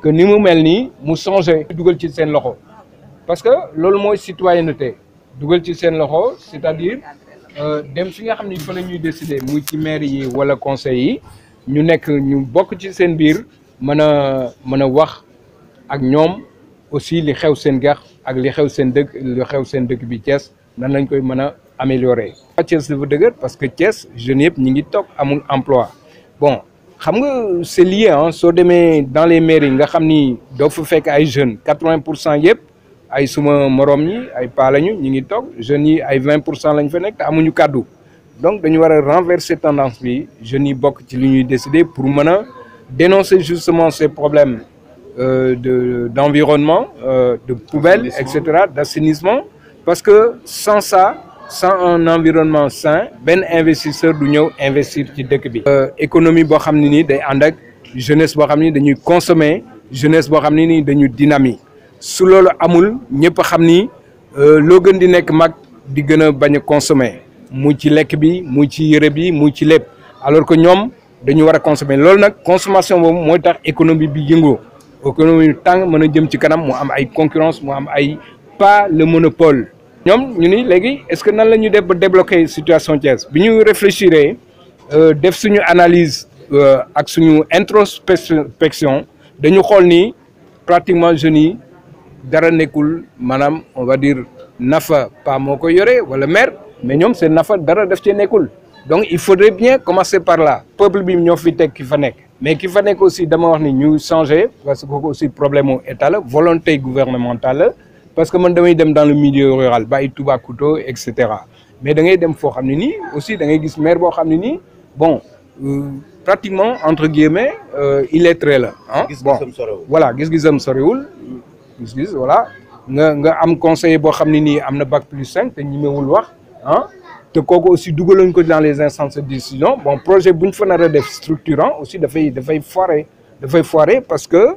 que ni mu melni mu changé dougal ci sen loxo parce que loolu moy citoyenneté dougal ci sen loxo c'est-à-dire euh dem fi nga xamni fa la décider muy ci maire yi wala conseil yi ñu nek ñu bok ci sen biir mën a wax ak ñom aussi li xew sen gax ak li xew sen deug li xew sen deug bi Thiès nan lañ koy mën améliorer. Thiès de dëgër parce que Thiès jeune yeb ñi ngi tok amul emploi bon xam nga c'est lié hein, dans les mairies nga xam ni doo ay jeunes 80% vingt ay suma morom ñi ay lañu ngi jeunes ay 20% lañ fa donc dañu wara renverser renverser tendance bi jeunes yi bokk ci li ñuy décider pour maintenant dénoncer justement ces problèmes euh, de d'environnement euh, de poubelles, etc., d'assainissement parce que sans ça sans un environnement sain ben investisseur du ñëw investir ci dëkk bi. Euh, économie bo xam ne day jeunesse bo xam ni dañuy consommer jeunesse bo xam ne nii dynamique su loolu amul ñëpp xam ni euh, loo gën di nekk mag di gën a consommer mu ci lekk bi mu ci bi mu ci alors que nous dañu war a consommer loolu nag consommation boobu mooy tax économie bi économie bi tàng mën a jëm ci kanam am ay concurrence mo am ay pas le monopole ñom ñu ni légui est-ce que nan lañu ñu débloquer situation Thiès bi ñu réfléchir euh, def suñu analyse euh, ak suñu introspection dañu xol ni pratiquement jeunes yi dara nekul manam on va dire nafa pa moko yoré wala mère mais ñom c'est nafa dara def ci nekul donc il faudrait bien commencer par là peuple bi ñoo fi teg ki fa nek mais ki fa nek aussi dama wax ni ñu changer parce que aussi problème état la volonté gouvernementale parce que man je dem dans le milieu rural bàyyi Toubacouta et cetera mais da ngay dem foo xam ne aussi da ngay gis maire boo bon euh, pratiquement entre guillemets euh, il est très là. Hein. bon voilà gis-gisam soriwul gis-gis voilà nga nga am conseiller boo xam ne nii am bac plus cinq te numéro wax hein te kooku aussi dugaloon ko dans les instances de décision bon projet bon, ñu fa structurant, aussi de faire, de faire. foirer, de faire foirer, parce que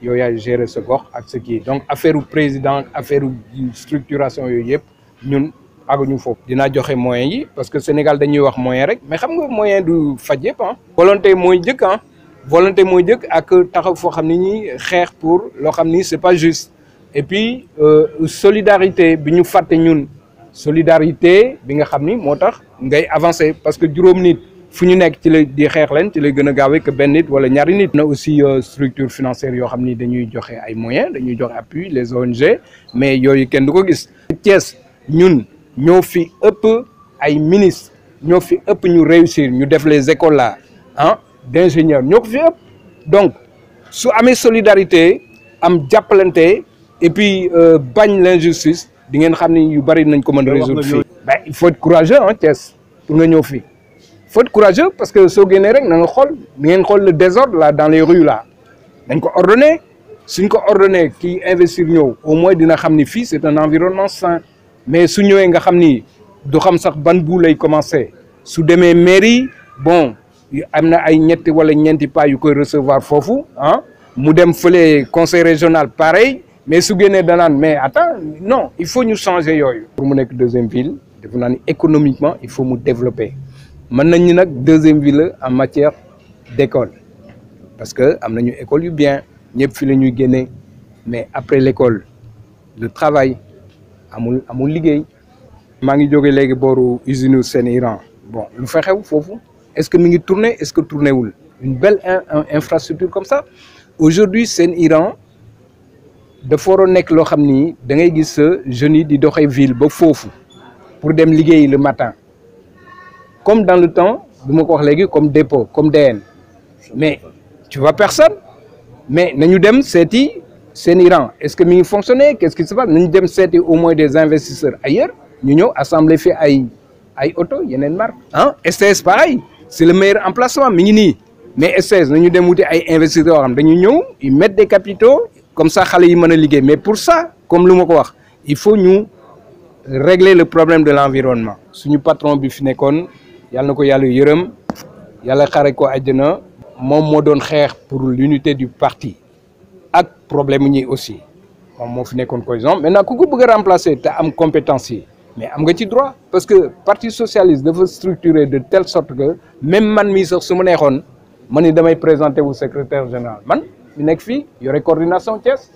yow yaay gérer sa gox ak sa kii donc affaire u président affaire u structuration yooyu yëpp ñun aguñu foofu dinaa joxe moyen yi parce que Sénégal dañuy wax moyen rek mais xam nga moyen du faj yëpp hein. volonté mooy njëkk ah volonté mooy njëkk ak taxaw foo xam ne ñi xeex pour loo xam c'est pas juste et puis euh, solidarité bi ñu fàtte ñun solidarité bi nga xam ni moo ngay avancer parce que juróom nit fuñu ñu nekk ci lay di xeex leen ci lay gën a gaawee que benn nit wala ñaari nit. na aussi euh, structure financière yoo xam ni dañuy joxe ay moyens dañuy joxe appui les ONG mais yooyu kenn du ko gis. Thiès ñun ñoo fi ëpp ay ministres ñoo fi ëpp ñu réussir ñu def les écoles là ah d'ingénieurs ñoo ko fi ëpp donc su amee solidarité am jàppalante et puis euh, bañ l'injustice di ngeen xam ni yu bari nañ ko mën résoudre fii. Ben, il faut être courageux ah Thiès pour nga ñëw fii faut être courageux parce que soo génnee na nga xool ni le désordre là dans les rues là dañ ko ordonné suñ ko ordonné kii investir au moins dina xam fils. c'est un environnement sain mais su ñëwee nga xam ni du xam sax ban bu lay commencer sous demee mairie bon amna ay ñetti wala ñenti pas yu koy recevoir fofu hein. Ah. mu dem feulé conseil régional pareil mais su génnee danaan mais attends non il faut nous changer yooyu. pour mu une deuxième ville de économiquement il faut mu développer. Maintenant, nañ ni nag deuxième ville en matière d'école. parce que am une école yu bien nous fi la ñuy mais après l'école, le travail amul amul liggéey maa ngi jóge léegi booru usine iran bon lu fa xew est ce que mi ngi tourner est ce que tourner wul une belle infrastructure comme ça aujourd'hui c'est Iran de nekk loo xam que da ngay gis jeunes yi di doxee ville ba foofu pour dem le matin comme dans le temps comme dépôt comme DN mais tu vois personne mais nañu dem c'est c'est Iran. est-ce que ça ngi fonctionner qu'est-ce qui se passe nañu dem c'est au moins des investisseurs ailleurs ñu avons assemblée fi ay ay a une marque STS hein? pareil c'est le meilleur emplacement mais STS nañu dem wuti ay investisseurs Nous xam dañu ils mettent des capitaux comme ça les yi mën a mais pour ça comme nous avons ko il faut nous régler le problème de l'environnement suñu patron bi fi yalla nako yalla yeureum yalla yàlla xare ko àjjana mom mo doon xex pour l'unité du parti ak problème ñi aussi mom mo fi nekkoon cohésion maintenant ku ko bëgg a remplacer te am compétence compétences, mais am nga ci droit parce que parti socialiste dafa structurer de telle sorte que même man mi sax suma ma man ni damay présenté au secrétaire général man mi nekk y yore coordination Thiès